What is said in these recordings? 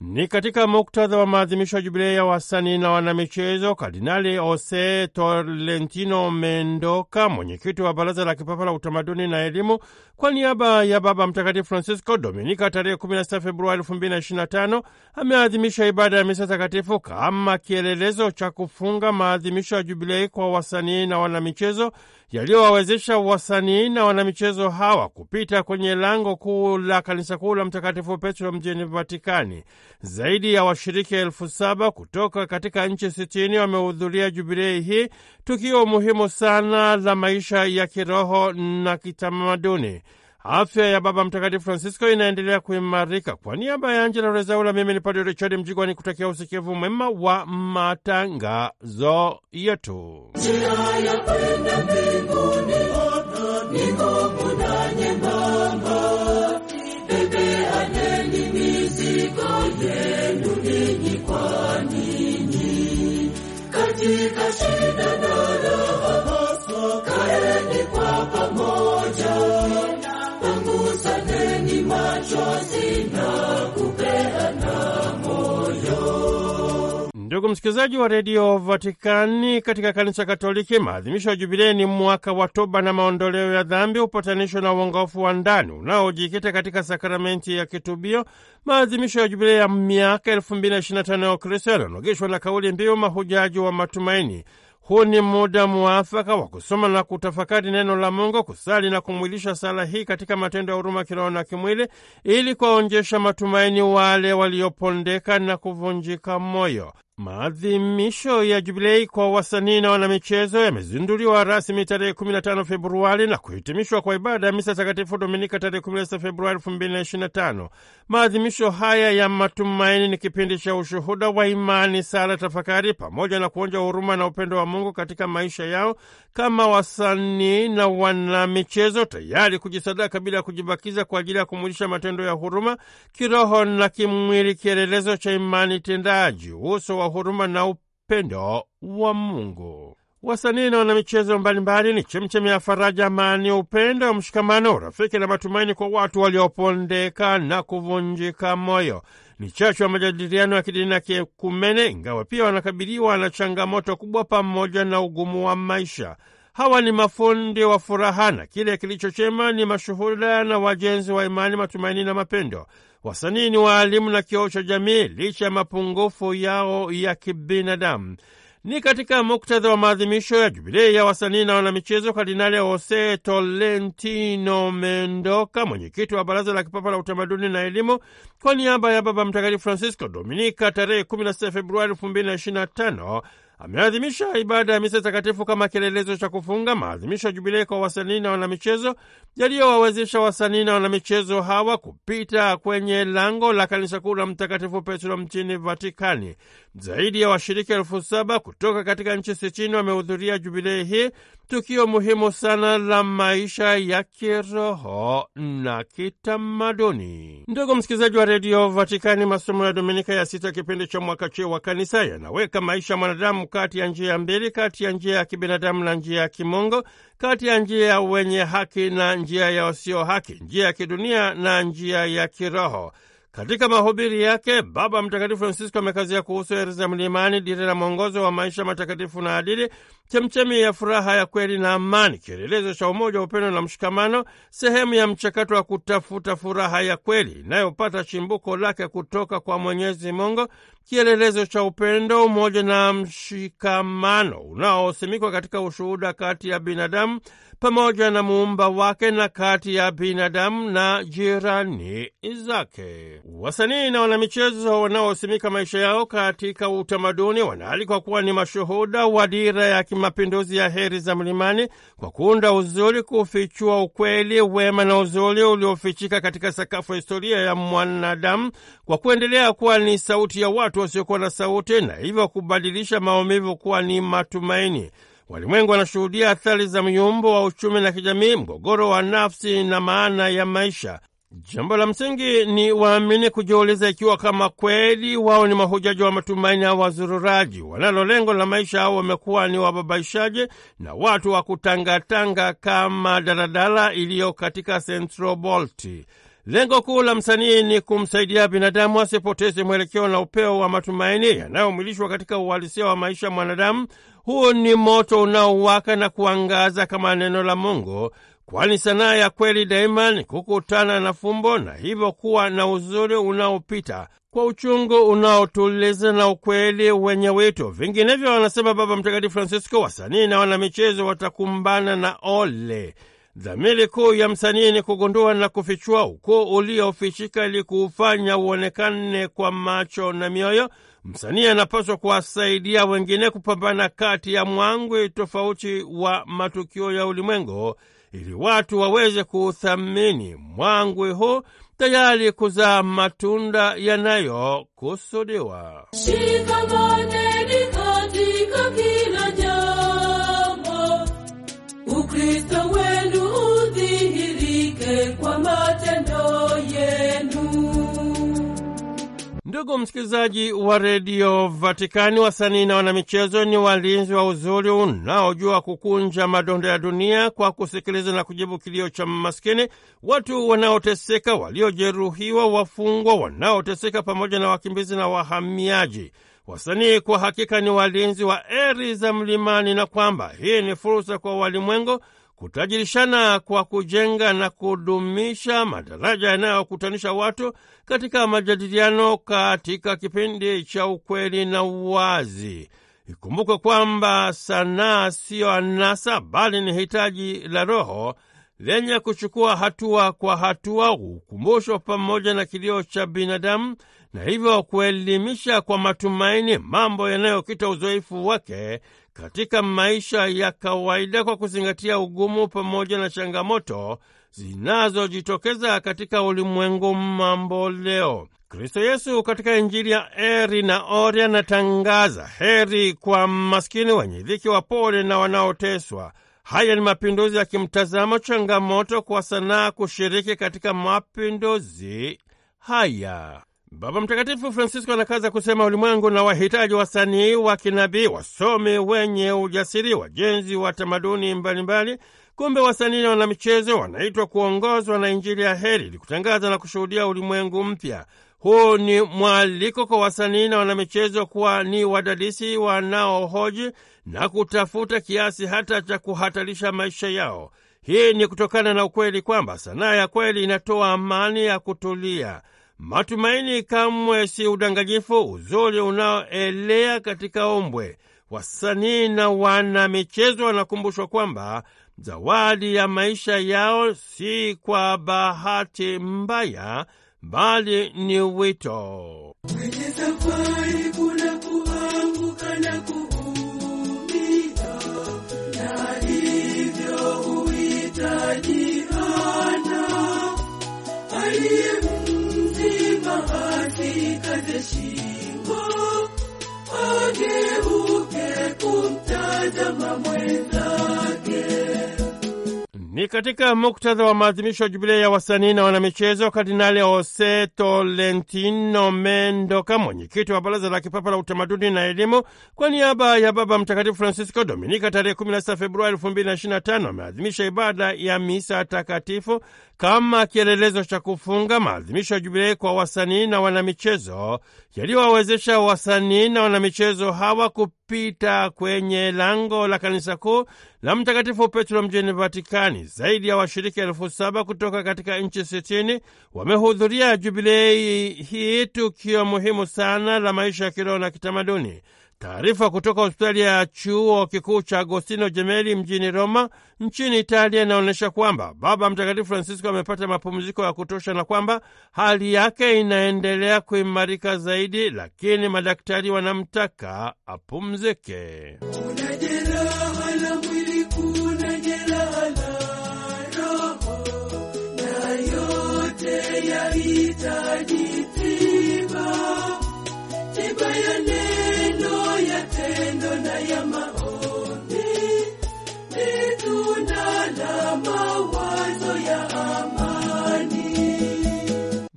Ni katika muktadha wa maadhimisho ya jubilei ya wasanii na wanamichezo, Kardinali Jose Tolentino Mendoka, mwenyekiti wa Baraza la Kipapa la Utamaduni na Elimu, kwa niaba ya Baba Mtakatifu Francisco, Dominika tarehe 16 Februari 2025 ameadhimisha ibada ya misa takatifu kama kielelezo cha kufunga maadhimisho ya jubilei kwa wasanii na wanamichezo yaliyowawezesha wasanii na wanamichezo hawa kupita kwenye lango kuu la kanisa kuu la Mtakatifu Petro mjini Vatikani. Zaidi ya washiriki elfu saba kutoka katika nchi sitini wamehudhuria jubilei hii, tukio muhimu sana la maisha ya kiroho na kitamaduni. Afya ya Baba Mtakatifu Francisco inaendelea kuimarika. Kwa niaba ya Angela Rezaula, mimi ni Padre Richard Mjigwa ni kutakia usikivu mwema wa matangazo yetu. Ndugu msikilizaji wa redio Vatikani, katika kanisa Katoliki maadhimisho ya Jubilei ni mwaka wa toba na maondoleo ya dhambi, upatanisho na uongofu wa ndani unaojikita katika sakramenti ya kitubio. Maadhimisho ya Jubilei ya miaka 2025 ya Ukristo yananogeshwa na kauli mbiu mahujaji wa matumaini. Huu ni muda mwafaka wa kusoma na kutafakari neno la Mungu, kusali na kumwilisha sala hii katika matendo ya huruma kiroho na kimwili, ili kuwaonjesha matumaini wale waliopondeka na kuvunjika moyo. Maadhimisho ya Jubilei kwa wasanii na wanamichezo yamezinduliwa rasmi tarehe 15 Februari na kuhitimishwa kwa ibada ya misa takatifu Dominika tarehe 16 Februari 2025. Maadhimisho haya ya matumaini ni kipindi cha ushuhuda wa imani, sala, tafakari pamoja na kuonja huruma na upendo wa Mungu katika maisha yao kama wasanii na wanamichezo, tayari kujisadaka bila ya kujibakiza kwa ajili ya kumulisha matendo ya huruma kiroho na kimwili, kielelezo cha imani tendaji uso wa huruma na upendo wa Mungu. Wasanii na wanamichezo mbalimbali ni chemchemi ya faraja, amani, upendo, mshikamano, urafiki na matumaini kwa watu waliopondeka na kuvunjika moyo. Ni chachu ya majadiliano ya kidini na kiekumene, ingawa pia wanakabiliwa na changamoto kubwa pamoja na ugumu wa maisha. Hawa ni mafundi wa furaha na kile kilichochema ni mashuhuda na wajenzi wa imani, matumaini na mapendo. Wasanii ni waalimu na kioo cha jamii, licha ya mapungufu yao ya kibinadamu. Ni katika muktadha wa maadhimisho ya jubilei ya wasanii na wanamichezo, Kardinali Jose Tolentino Mendoka, mwenyekiti wa Baraza la Kipapa la Utamaduni na Elimu, kwa niaba ya Baba Mtakatifu Francisco, Dominika tarehe 16 Februari 2025 ameadhimisha ibada ya misa takatifu kama kielelezo cha kufunga maadhimisho ya jubilei kwa wasanii na wanamichezo yaliyowawezesha wasanii na wanamichezo hawa kupita kwenye lango la kanisa kuu la Mtakatifu Petro mjini Vatikani. Zaidi ya washiriki elfu saba kutoka katika nchi sitini wamehudhuria jubilei hii tukio muhimu sana la maisha ya kiroho na kitamaduni. Ndugu msikilizaji wa redio Vatikani, masomo ya Dominika ya sita kipindi cha mwaka C wa kanisa yanaweka maisha ya mwanadamu kati ya njia mbili, kati ya njia ya kibinadamu na njia ya kimungu, kati ya njia ya wenye haki na njia ya wasio haki, njia ya kidunia na njia ya kiroho. Katika mahubiri yake, Baba Mtakatifu Francisco amekazia kuhusu heri za mlimani, dira na mwongozo wa maisha matakatifu na adili, chemchemi ya furaha ya kweli na amani, kielelezo cha umoja, upendo na mshikamano, sehemu ya mchakato wa kutafuta furaha ya kweli inayopata chimbuko lake kutoka kwa Mwenyezi Mungu kielelezo cha upendo, umoja na mshikamano unaosimikwa katika ushuhuda kati ya binadamu pamoja na muumba wake na kati ya binadamu na jirani zake. Wasanii na wanamichezo wanaosimika maisha yao katika utamaduni wanaalikwa kuwa ni mashuhuda wa dira ya kimapinduzi ya heri za Mlimani kwa kuunda uzuri, kufichua ukweli, wema na uzuri uliofichika katika sakafu ya historia ya mwanadamu, kwa kuendelea kuwa ni sauti ya watu watu wasiokuwa na sauti na hivyo kubadilisha maumivu kuwa ni matumaini. Walimwengu wanashuhudia athari za myumbo wa uchumi na kijamii, mgogoro wa nafsi na maana ya maisha. Jambo la msingi ni waamini kujiuliza ikiwa kama kweli wao ni mahujaji wa matumaini au wazururaji wanalo lengo la maisha, au wamekuwa ni wababaishaji na watu wa kutangatanga kama daladala iliyo katika Central Lengo kuu la msanii ni kumsaidia binadamu asipoteze mwelekeo na upeo wa matumaini yanayomwilishwa katika uhalisia wa maisha ya mwanadamu. Huu ni moto unaowaka na kuangaza kama neno la Mungu, kwani sanaa ya kweli daima ni kukutana na fumbo na hivyo kuwa na uzuri unaopita kwa uchungu unaotuliza na ukweli wenye wito. Vinginevyo, wanasema Baba Mtakatifu Francisco, wasanii na wanamichezo watakumbana na ole Dhamiri kuu ya msanii ni kugundua na kufichua ukuu uliofichika ili kuufanya uonekane kwa macho na mioyo. Msanii anapaswa kuwasaidia wengine kupambana kati ya mwangwi tofauti wa matukio ya ulimwengu, ili watu waweze kuuthamini mwangwi huu tayari kuzaa matunda yanayokusudiwa. Shikamaneni katika kila jambo Ukristo Ndugu msikilizaji wa redio Vatikani, wasanii na wanamichezo ni walinzi wa uzuri unaojua kukunja madondo ya dunia kwa kusikiliza na kujibu kilio cha maskini, watu wanaoteseka, waliojeruhiwa, wafungwa wanaoteseka, pamoja na wakimbizi na wahamiaji. Wasanii kwa hakika ni walinzi wa eri za mlimani, na kwamba hii ni fursa kwa walimwengu kutajirishana kwa kujenga na kudumisha madaraja yanayokutanisha watu katika majadiliano katika kipindi cha ukweli na uwazi. Ikumbukwe kwamba sanaa siyo anasa, bali ni hitaji la roho lenye kuchukua hatua kwa hatua, ukumbusho pamoja na kilio cha binadamu, na hivyo kuelimisha kwa matumaini mambo yanayokita uzoefu wake katika maisha ya kawaida kwa kuzingatia ugumu pamoja na changamoto zinazojitokeza katika ulimwengu mambo leo. Kristo Yesu katika Injili ya Eri na Ori anatangaza heri kwa maskini, wenye dhiki, wapole na wanaoteswa. Haya ni mapinduzi yakimtazama changamoto kwa sanaa kushiriki katika mapinduzi haya. Baba Mtakatifu Francisco anakaza kusema ulimwengu na wahitaji wasanii wa kinabii, wasomi wenye ujasiri, wajenzi wa tamaduni mbalimbali. Kumbe wasanii na wanamichezo wanaitwa kuongozwa na Injili ya heri ili kutangaza na kushuhudia ulimwengu mpya. Huu ni mwaliko kwa wasanii na wanamichezo kuwa ni wadadisi wanaohoji na kutafuta kiasi hata cha kuhatarisha maisha yao. Hii ni kutokana na ukweli kwamba sanaa ya kweli inatoa amani ya kutulia. Matumaini kamwe si udanganyifu, uzuri unaoelea katika ombwe. Wasanii na michezo wanakumbushwa kwamba zawadi ya maisha yao si kwa bahati mbaya, bali ni wito Ni katika muktadha wa maadhimisho ya jubilei ya wasanii na wanamichezo, Kardinali Jose Tolentino Mendoka, mwenyekiti wa Baraza la Kipapa la Utamaduni na Elimu, kwa niaba ya Baba Mtakatifu Francisco, Dominika tarehe 16 Februari 2025 ameadhimisha ibada ya misa takatifu kama kielelezo cha kufunga maadhimisho ya jubilei kwa wasanii na wanamichezo yaliyowawezesha wasanii na wanamichezo hawa kupita kwenye lango la kanisa kuu la Mtakatifu Petro mjini Vatikani. Zaidi ya washiriki elfu saba kutoka katika nchi sitini wamehudhuria jubilei hii, tukio muhimu sana la maisha ya kiroho na kitamaduni. Taarifa kutoka hospitali ya chuo kikuu cha Agostino Jemeli mjini Roma nchini Italia inaonyesha kwamba Baba Mtakatifu Francisco amepata mapumziko ya kutosha na kwamba hali yake inaendelea kuimarika zaidi, lakini madaktari wanamtaka apumzike.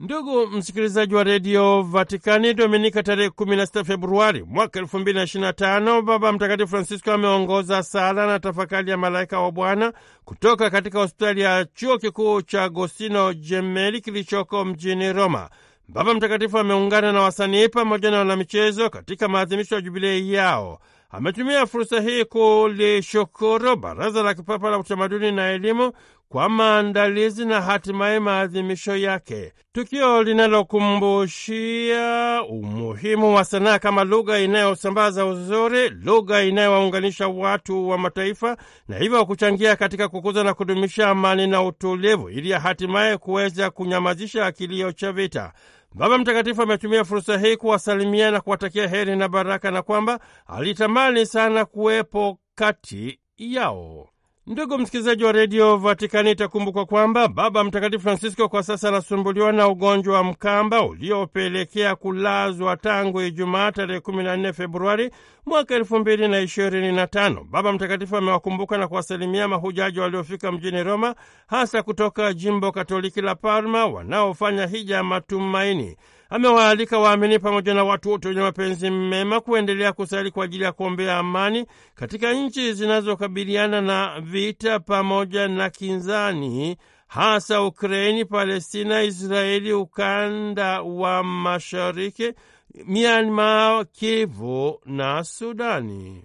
Ndugu msikilizaji wa redio Vatikani, Dominika tarehe 16 Februari mwaka 2025, Baba Mtakatifu Francisco ameongoza sala na tafakari ya malaika wa Bwana kutoka katika hospitali ya chuo kikuu cha Agostino Jemeli kilichoko mjini Roma. Baba Mtakatifu ameungana na wasanii pamoja na wanamichezo katika maadhimisho ya jubilei yao ametumia fursa hii kulishukuru Baraza la Kipapa la Utamaduni na Elimu kwa maandalizi na hatimaye maadhimisho yake, tukio linalokumbushia umuhimu wa sanaa kama lugha inayosambaza uzuri, lugha inayowaunganisha watu wa mataifa, na hivyo kuchangia katika kukuza na kudumisha amani na utulivu, ili hatimaye kuweza kunyamazisha kilio cha vita. Baba Mtakatifu ametumia fursa hii kuwasalimia na kuwatakia heri na baraka, na kwamba alitamani sana kuwepo kati yao. Ndugu msikilizaji wa redio Vatikani, itakumbukwa kwamba Baba Mtakatifu Francisco kwa sasa anasumbuliwa na ugonjwa wa mkamba uliopelekea kulazwa tangu Ijumaa tarehe 14 Februari mwaka na na ishirini tano Baba Mtakatifu amewakumbuka na kuwasalimia mahujaji waliofika mjini Roma, hasa kutoka jimbo Katoliki la Parma wanaofanya hija ya matumaini amewaalika waamini pamoja na watu wote wenye mapenzi mema kuendelea kusali kwa ajili ya kuombea amani katika nchi zinazokabiliana na vita pamoja na kinzani, hasa Ukraini, Palestina, Israeli, ukanda wa mashariki, Myanmar, Kivu na Sudani.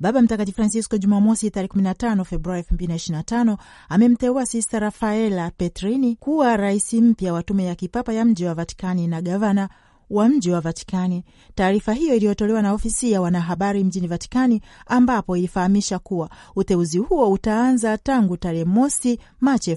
Baba Mtakatifu Francisco Jumamosi tarehe 15 Februari 2025 amemteua Sista Rafaela Petrini kuwa rais mpya wa tume ya kipapa ya mji wa Vatikani na gavana wa mji wa Vatikani. Taarifa hiyo iliyotolewa na ofisi ya wanahabari mjini Vatikani, ambapo ilifahamisha kuwa uteuzi huo utaanza tangu tarehe mosi Machi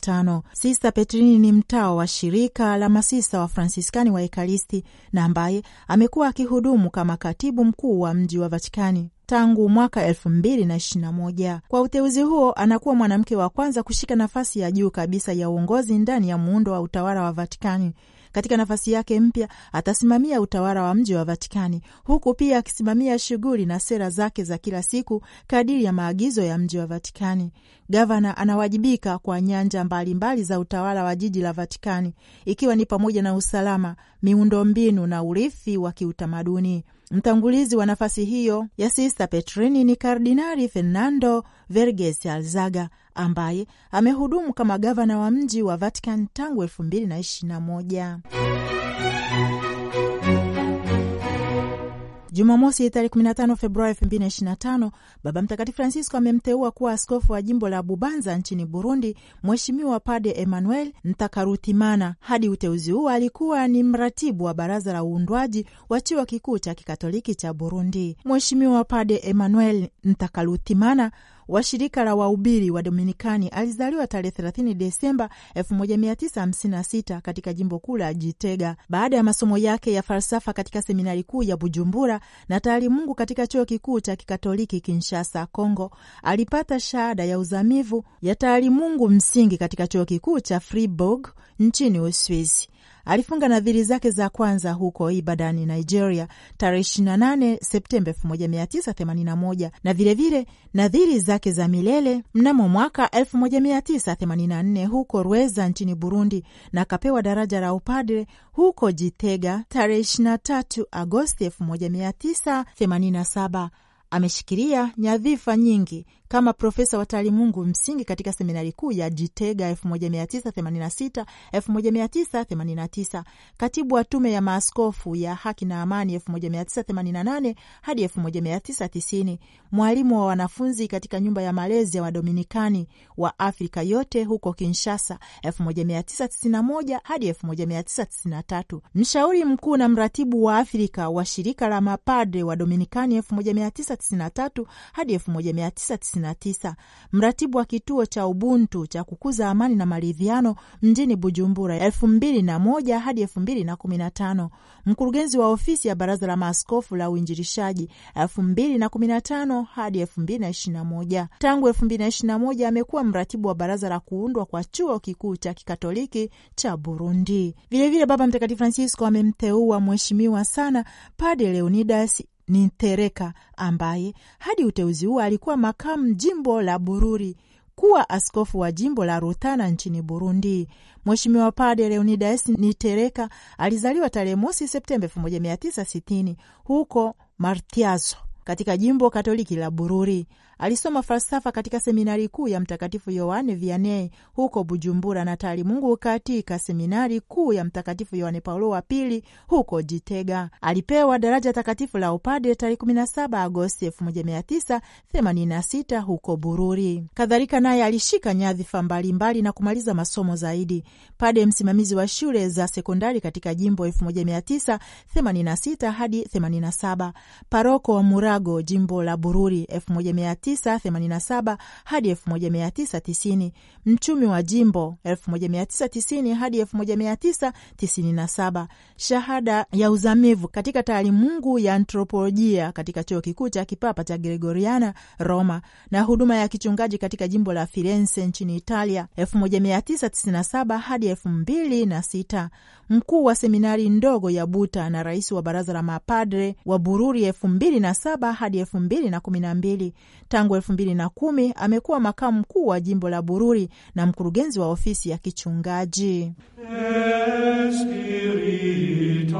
tano. Sista Petrini ni mtawa wa shirika la masista wa Fransiskani wa Ekaristi na ambaye amekuwa akihudumu kama katibu mkuu wa mji wa Vatikani tangu mwaka elfu mbili na ishirini na moja. Kwa uteuzi huo, anakuwa mwanamke wa kwanza kushika nafasi ya juu kabisa ya uongozi ndani ya muundo wa utawala wa Vatikani. Katika nafasi yake mpya atasimamia utawala wa mji wa Vatikani, huku pia akisimamia shughuli na sera zake za kila siku kadiri ya maagizo ya mji wa Vatikani. Gavana anawajibika kwa nyanja mbalimbali mbali za utawala wa jiji la Vatikani, ikiwa ni pamoja na usalama, miundombinu na urithi wa kiutamaduni. Mtangulizi wa nafasi hiyo ya Sista Petrini ni Kardinali Fernando Verges Alzaga ambaye amehudumu kama gavana wa mji wa Vatican tangu elfu mbili na ishirini na moja. Jumamosi tarehe 15 Februari 2025 Baba Mtakatifu Francisco amemteua kuwa askofu wa jimbo la Bubanza nchini Burundi Mheshimiwa Pade Emmanuel Ntakarutimana. Hadi uteuzi huo alikuwa ni mratibu wa baraza la uundwaji wa chuo kikuu cha kikatoliki cha Burundi. Mheshimiwa Pade Emmanuel Ntakarutimana wa shirika la wahubiri wa Dominikani alizaliwa tarehe 30 Desemba 1956 katika jimbo kuu la Jitega. Baada ya masomo yake ya falsafa katika seminari kuu ya Bujumbura na taalimungu katika chuo kikuu cha kikatoliki Kinshasa, Congo, alipata shahada ya uzamivu ya taalimungu msingi katika chuo kikuu cha Fribourg nchini Uswizi. Alifunga nadhiri zake za kwanza huko Ibadan, Nigeria, tarehe 28 Septemba 1981 na vilevile nadhiri zake za milele mnamo mwaka 1984 huko Rweza nchini Burundi, na akapewa daraja la upadre huko Jitega tarehe 23 Agosti 1987 ameshikilia nyadhifa nyingi kama profesa wa taalimungu msingi katika seminari kuu ya Jitega 1986 1989, katibu wa tume ya maaskofu ya haki na amani 1988 hadi 1990, mwalimu wa wanafunzi katika nyumba ya malezi ya wadominikani wa Afrika yote huko Kinshasa 1991 hadi 1993, mshauri mkuu na mratibu wa Afrika wa shirika la mapadre wa Dominikani 19 1993 hadi 1999, mratibu wa kituo cha Ubuntu cha kukuza amani na maridhiano mjini Bujumbura 2001 hadi 2015, mkurugenzi wa ofisi ya baraza la maaskofu la uinjilishaji 2015 hadi 2021. Tangu 2021 amekuwa mratibu wa baraza la kuundwa kwa chuo kikuu cha kikatoliki cha Burundi. Vilevile Baba Mtakatifu Francisco amemteua mheshimiwa sana Padre Leonidas ni Ntereka ambaye hadi uteuzi huo alikuwa makamu jimbo la Bururi kuwa askofu wa jimbo la Rutana nchini Burundi. Mheshimiwa Padre Leonidas Nitereka alizaliwa tarehe mosi Septemba 1960 huko Martiazo katika jimbo Katoliki la Bururi. Alisoma falsafa katika seminari kuu ya Mtakatifu Yohane Vianney huko Bujumbura na taalimungu katika seminari kuu ya Mtakatifu Yohane Paulo wa Pili huko Jitega. Alipewa daraja takatifu la upadre tarehe 17 Agosti 1986 huko Bururi. Kadhalika naye alishika nyadhifa mbalimbali na kumaliza masomo zaidi: pade msimamizi wa shule za sekondari katika jimbo 1986 hadi 87, paroko wa Murago jimbo la Bururi 1987 hadi 1990, mchumi wa jimbo 1990 hadi 1997, shahada ya uzamivu katika taalimungu ya antropolojia katika chuo kikuu cha kipapa cha Gregoriana Roma, na huduma ya kichungaji katika jimbo la Firenze nchini Italia 1997 hadi 2006, mkuu wa seminari ndogo ya Buta na rais wa baraza la mapadre wa Bururi 2007 hadi 2012. Tangu elfu mbili na kumi amekuwa makamu mkuu wa jimbo la Bururi na mkurugenzi wa ofisi ya kichungaji Espiritali.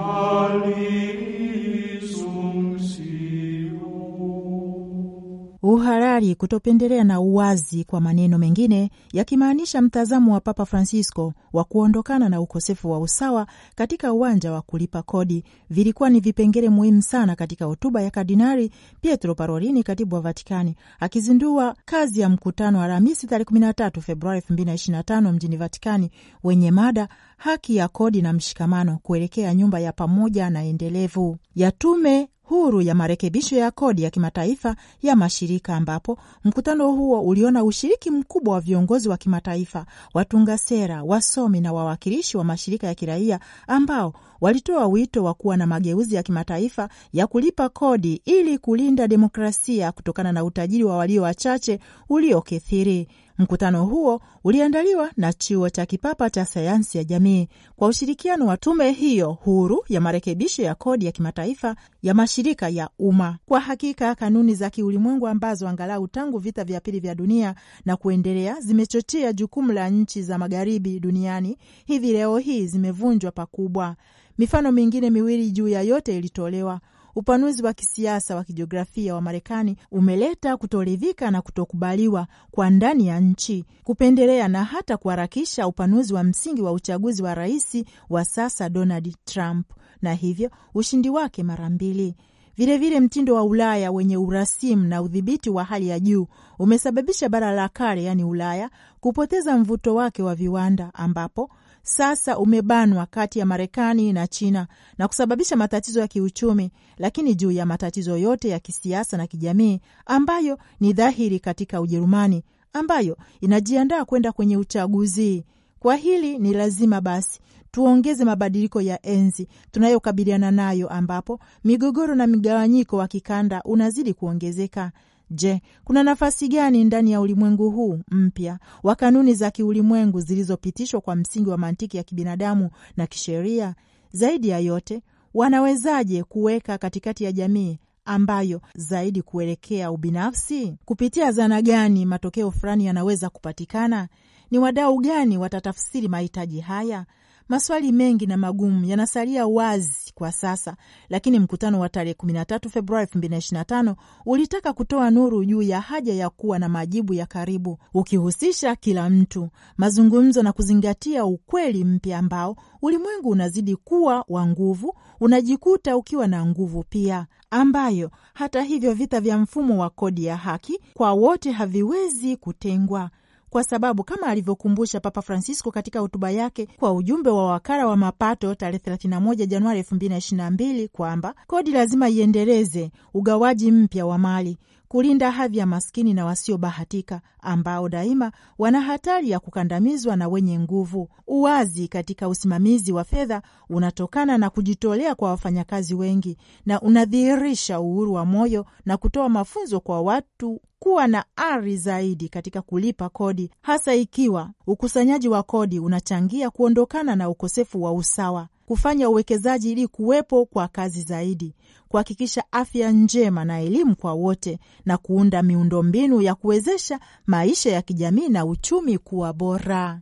uhalali, kutopendelea na uwazi, kwa maneno mengine yakimaanisha mtazamo wa Papa Francisco wa kuondokana na ukosefu wa usawa katika uwanja wa kulipa kodi, vilikuwa ni vipengele muhimu sana katika hotuba ya Kardinari Pietro Parolini, katibu wa Vatikani, akizindua kazi ya mkutano wa Alhamisi tarehe 13 Februari 2025 mjini Vatikani wenye mada haki ya kodi na mshikamano kuelekea nyumba ya pamoja na endelevu ya tume huru ya marekebisho ya kodi ya kimataifa ya mashirika ambapo mkutano huo uliona ushiriki mkubwa wa viongozi wa kimataifa, watunga sera, wasomi na wawakilishi wa mashirika ya kiraia ambao walitoa wito wa kuwa na mageuzi ya kimataifa ya kulipa kodi ili kulinda demokrasia kutokana na utajiri wa walio wachache uliokithiri Mkutano huo uliandaliwa na chuo cha kipapa cha sayansi ya jamii kwa ushirikiano wa tume hiyo huru ya marekebisho ya kodi ya kimataifa ya mashirika ya umma. Kwa hakika, kanuni za kiulimwengu ambazo angalau tangu vita vya pili vya dunia na kuendelea zimechochea jukumu la nchi za magharibi duniani, hivi leo hii zimevunjwa pakubwa. Mifano mingine miwili juu ya yote ilitolewa. Upanuzi wa kisiasa wa kijiografia wa Marekani umeleta kutoridhika na kutokubaliwa kwa ndani ya nchi, kupendelea na hata kuharakisha upanuzi wa msingi wa uchaguzi wa rais wa sasa Donald Trump, na hivyo ushindi wake mara mbili. Vilevile, mtindo wa Ulaya wenye urasimu na udhibiti wa hali ya juu umesababisha bara la kale, yaani Ulaya, kupoteza mvuto wake wa viwanda, ambapo sasa umebanwa kati ya Marekani na China na kusababisha matatizo ya kiuchumi, lakini juu ya matatizo yote ya kisiasa na kijamii ambayo ni dhahiri katika Ujerumani ambayo inajiandaa kwenda kwenye uchaguzi. Kwa hili ni lazima basi tuongeze mabadiliko ya enzi tunayokabiliana nayo, ambapo migogoro na migawanyiko wa kikanda unazidi kuongezeka Je, kuna nafasi gani ndani ya ulimwengu huu mpya wa kanuni za kiulimwengu zilizopitishwa kwa msingi wa mantiki ya kibinadamu na kisheria? Zaidi ya yote, wanawezaje kuweka katikati ya jamii ambayo zaidi kuelekea ubinafsi? Kupitia zana gani matokeo fulani yanaweza kupatikana? Ni wadau gani watatafsiri mahitaji haya? Maswali mengi na magumu yanasalia wazi kwa sasa, lakini mkutano wa tarehe 13 Februari 2025 ulitaka kutoa nuru juu ya haja ya kuwa na majibu ya karibu, ukihusisha kila mtu, mazungumzo na kuzingatia ukweli mpya ambao ulimwengu unazidi kuwa wa nguvu, unajikuta ukiwa na nguvu pia, ambayo hata hivyo vita vya mfumo wa kodi ya haki kwa wote haviwezi kutengwa kwa sababu kama alivyokumbusha Papa Francisco katika hotuba yake kwa ujumbe wa wakala wa mapato tarehe 31 Januari 2022 kwamba kodi lazima iendeleze ugawaji mpya wa mali kulinda hadhi ya maskini na wasiobahatika ambao daima wana hatari ya kukandamizwa na wenye nguvu. Uwazi katika usimamizi wa fedha unatokana na kujitolea kwa wafanyakazi wengi na unadhihirisha uhuru wa moyo na kutoa mafunzo kwa watu kuwa na ari zaidi katika kulipa kodi, hasa ikiwa ukusanyaji wa kodi unachangia kuondokana na ukosefu wa usawa kufanya uwekezaji ili kuwepo kwa kazi zaidi, kuhakikisha afya njema na elimu kwa wote, na kuunda miundombinu ya kuwezesha maisha ya kijamii na uchumi kuwa bora.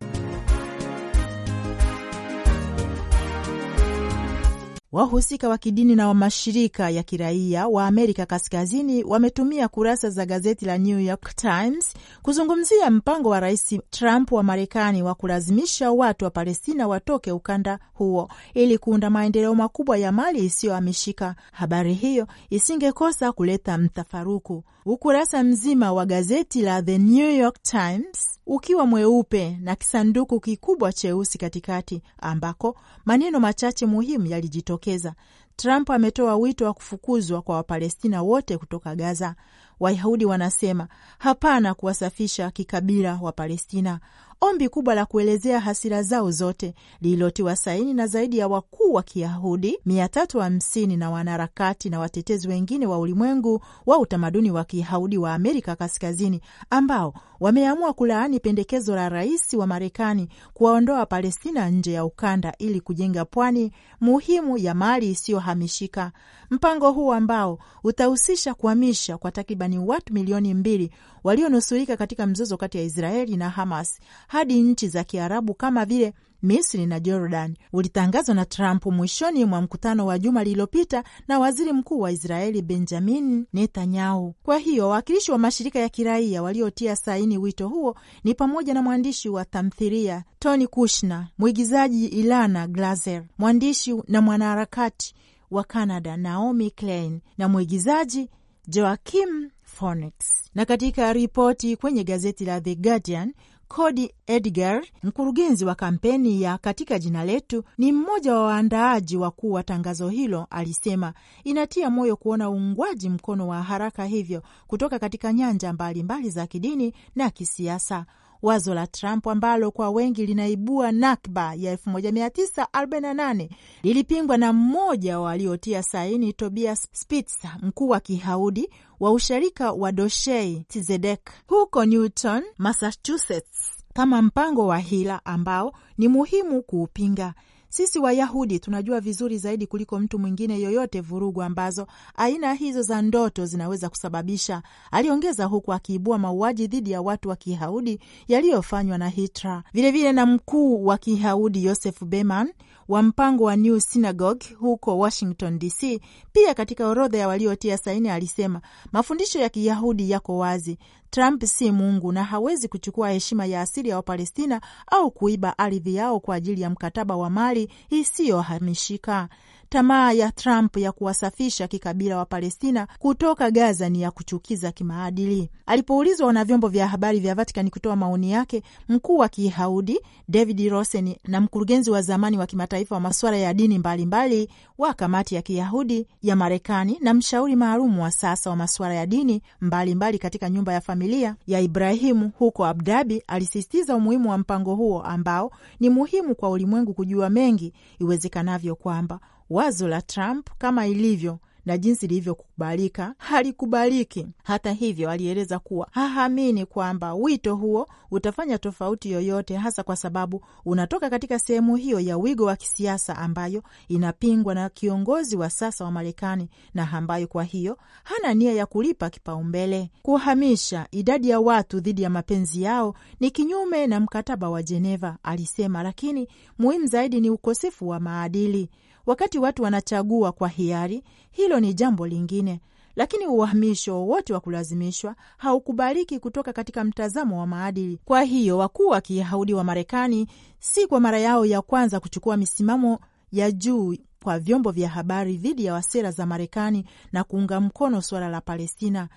Wahusika wa kidini na wa mashirika ya kiraia wa Amerika Kaskazini wametumia kurasa za gazeti la New York Times kuzungumzia mpango wa Rais Trump wa Marekani wa kulazimisha watu wa Palestina watoke ukanda huo ili kuunda maendeleo makubwa ya mali isiyohamishika. Habari hiyo isingekosa kuleta mtafaruku. Ukurasa mzima wa gazeti la The New York Times ukiwa mweupe na kisanduku kikubwa cheusi katikati, ambako maneno machache muhimu yalijitokeza. Trump ametoa wito wa kufukuzwa kwa Wapalestina wote kutoka Gaza. Wayahudi wanasema hapana kuwasafisha kikabila Wapalestina ombi kubwa la kuelezea hasira zao zote lililotiwa saini na zaidi ya wakuu wa Kiyahudi 350 na wanaharakati na watetezi wengine wa ulimwengu wa utamaduni wa Kiyahudi wa Amerika Kaskazini ambao wameamua kulaani pendekezo la rais wa Marekani kuwaondoa Palestina nje ya ukanda ili kujenga pwani muhimu ya mali isiyohamishika. Mpango huu ambao utahusisha kuhamisha kwa takribani watu milioni mbili walionusurika katika mzozo kati ya Israeli na Hamas hadi nchi za Kiarabu kama vile Misri na Jordan ulitangazwa na Trump mwishoni mwa mkutano wa juma lililopita na waziri mkuu wa Israeli Benjamin Netanyahu. Kwa hiyo wawakilishi wa mashirika ya kiraia waliotia saini wito huo ni pamoja na mwandishi wa tamthilia Tony Kushner, mwigizaji Ilana Glazer, mwandishi na mwanaharakati wa Canada Naomi Klein na mwigizaji Joakim Phoenix. Na katika ripoti kwenye gazeti la The Guardian, Cody Edgar, mkurugenzi wa kampeni ya katika jina letu, ni mmoja wa waandaaji wakuu wa tangazo hilo, alisema inatia moyo kuona uungwaji mkono wa haraka hivyo kutoka katika nyanja mbalimbali mbali za kidini na kisiasa. Wazo la Trump ambalo kwa wengi linaibua nakba ya 1948 lilipingwa na mmoja waliotia saini, Tobias Spitzer, mkuu wa Kiyahudi wa ushirika wa Doshei Tizedek huko Newton, Massachusetts, kama mpango wa hila ambao ni muhimu kuupinga. Sisi Wayahudi tunajua vizuri zaidi kuliko mtu mwingine yoyote vurugu ambazo aina hizo za ndoto zinaweza kusababisha, aliongeza, huku akiibua mauaji dhidi ya watu wa Kiyahudi yaliyofanywa na Hitler, vilevile na mkuu wa Kiyahudi yosef Beman wa mpango wa New Synagogue huko Washington DC. Pia katika orodha ya waliotia saini alisema mafundisho ya Kiyahudi yako wazi. Trump si Mungu na hawezi kuchukua heshima ya asili ya Wapalestina au kuiba ardhi yao kwa ajili ya mkataba wa mali isiyohamishika. Tamaa ya Trump ya kuwasafisha kikabila wa Palestina kutoka Gaza ni ya kuchukiza kimaadili. Alipoulizwa na vyombo vya habari vya Vatikani kutoa maoni yake, mkuu wa Kiyahudi David Rosen na mkurugenzi wa zamani wa kimataifa wa masuala ya dini mbalimbali mbali wa kamati ya Kiyahudi ya Marekani na mshauri maalum wa sasa wa masuala ya dini mbalimbali mbali katika nyumba ya familia ya Ibrahimu huko Abu Dhabi alisisitiza umuhimu wa mpango huo ambao ni muhimu kwa ulimwengu kujua mengi iwezekanavyo kwamba Wazo la Trump kama ilivyo na jinsi lilivyokubalika halikubaliki. Hata hivyo, alieleza kuwa haamini kwamba wito huo utafanya tofauti yoyote, hasa kwa sababu unatoka katika sehemu hiyo ya wigo wa kisiasa ambayo inapingwa na kiongozi wa sasa wa Marekani na ambayo kwa hiyo hana nia ya kulipa kipaumbele. Kuhamisha idadi ya watu dhidi ya mapenzi yao ni kinyume na mkataba wa Jeneva, alisema, lakini muhimu zaidi ni ukosefu wa maadili. Wakati watu wanachagua kwa hiari, hilo ni jambo lingine, lakini uhamisho wowote wa kulazimishwa haukubaliki kutoka katika mtazamo wa maadili. Kwa hiyo wakuu wa Kiyahudi wa Marekani si kwa mara yao ya kwanza kuchukua misimamo ya juu kwa vyombo vya habari dhidi ya sera za Marekani na kuunga mkono suala la Palestina.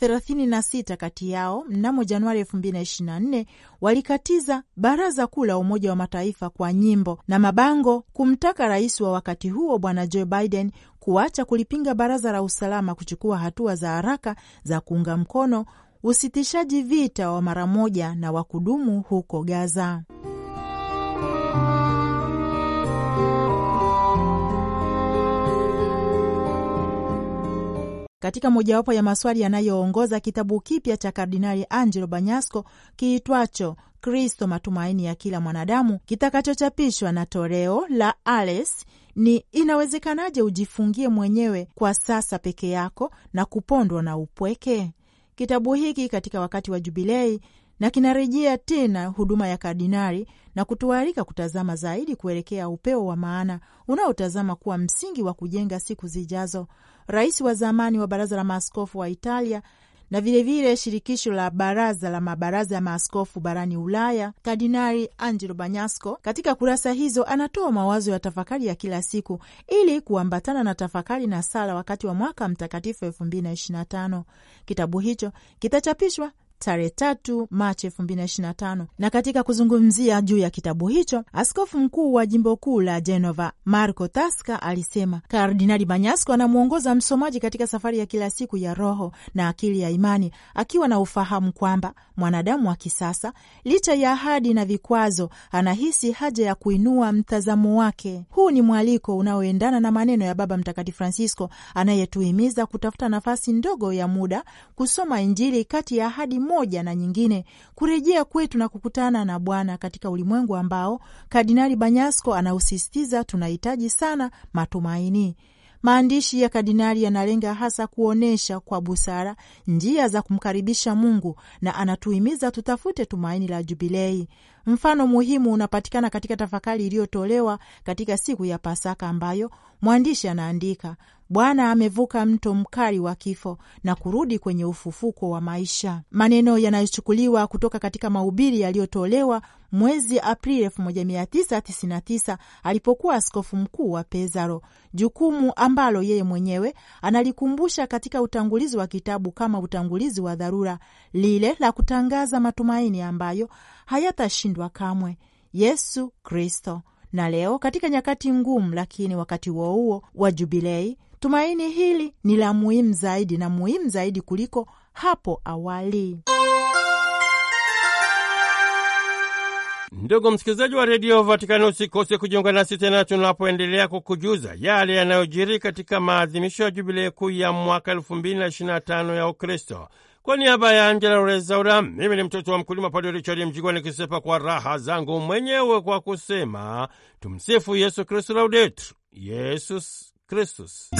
36 kati yao mnamo Januari 2024 walikatiza Baraza Kuu la Umoja wa Mataifa kwa nyimbo na mabango kumtaka rais wa wakati huo Bwana Joe Biden kuacha kulipinga Baraza la Usalama kuchukua hatua za haraka za kuunga mkono usitishaji vita wa mara moja na wa kudumu huko Gaza. katika mojawapo ya maswali yanayoongoza kitabu kipya cha Kardinali Angelo Banyasco kiitwacho Kristo, matumaini ya kila mwanadamu, kitakachochapishwa na toleo la Ales ni inawezekanaje ujifungie mwenyewe kwa sasa peke yako na kupondwa na upweke? Kitabu hiki katika wakati wa Jubilei na kinarejea tena huduma ya kardinali na kutualika kutazama zaidi kuelekea upeo wa maana unaotazama kuwa msingi wa kujenga siku zijazo, rais wa zamani wa baraza la maaskofu wa Italia na vilevile vile shirikisho la baraza la mabaraza ya maaskofu barani Ulaya, kardinari Angelo Banyasco katika kurasa hizo anatoa mawazo ya tafakari ya kila siku ili kuambatana na tafakari na sala wakati wa mwaka mtakatifu elfu Kitabu hicho kitachapishwa tarehe tatu Machi elfu mbili na ishirini na tano. Na katika kuzungumzia juu ya kitabu hicho, askofu mkuu wa jimbo kuu la Genova Marco Tasca alisema Kardinali Banyasco anamwongoza msomaji katika safari ya kila siku ya roho na akili ya imani, akiwa na ufahamu kwamba mwanadamu wa kisasa, licha ya ahadi na vikwazo, anahisi haja ya kuinua mtazamo wake. Huu ni mwaliko unaoendana na maneno ya Baba Mtakatifu Francisco anayetuhimiza kutafuta nafasi ndogo ya muda kusoma Injili kati ya ahadi moja na nyingine kurejea kwetu na kukutana na Bwana katika ulimwengu ambao Kardinali Banyasko anausisitiza tunahitaji sana matumaini. Maandishi ya kardinali yanalenga hasa kuonyesha kwa busara njia za kumkaribisha Mungu na anatuhimiza tutafute tumaini la Jubilei Mfano muhimu unapatikana katika tafakari iliyotolewa katika siku ya Pasaka, ambayo mwandishi anaandika, Bwana amevuka mto mkali wa kifo na kurudi kwenye ufufuko wa maisha, maneno yanayochukuliwa kutoka katika mahubiri yaliyotolewa mwezi Aprili 1999 alipokuwa askofu mkuu wa Pesaro, jukumu ambalo yeye mwenyewe analikumbusha katika utangulizi wa kitabu kama utangulizi wa dharura, lile la kutangaza matumaini ambayo hayatashindwa kamwe. Yesu Kristo. Na leo katika nyakati ngumu, lakini wakati wouwo wa Jubilei, tumaini hili ni la muhimu zaidi na muhimu zaidi kuliko hapo awali. Ndugu msikilizaji wa redio Vatikani, usikose kujiunga nasi tena tunapoendelea kukujuza yale yanayojiri katika maadhimisho ya jubilei kuu ya mwaka 225 ya Ukristo. Kwa niaba ya Angela Rezaura, mimi ni mtoto wa mkulima Padre Richard Mjigwa nikisepa kwa raha zangu mwenyewe kwa kusema tumsifu Yesu Kristu, laudetur Yesus Kristus.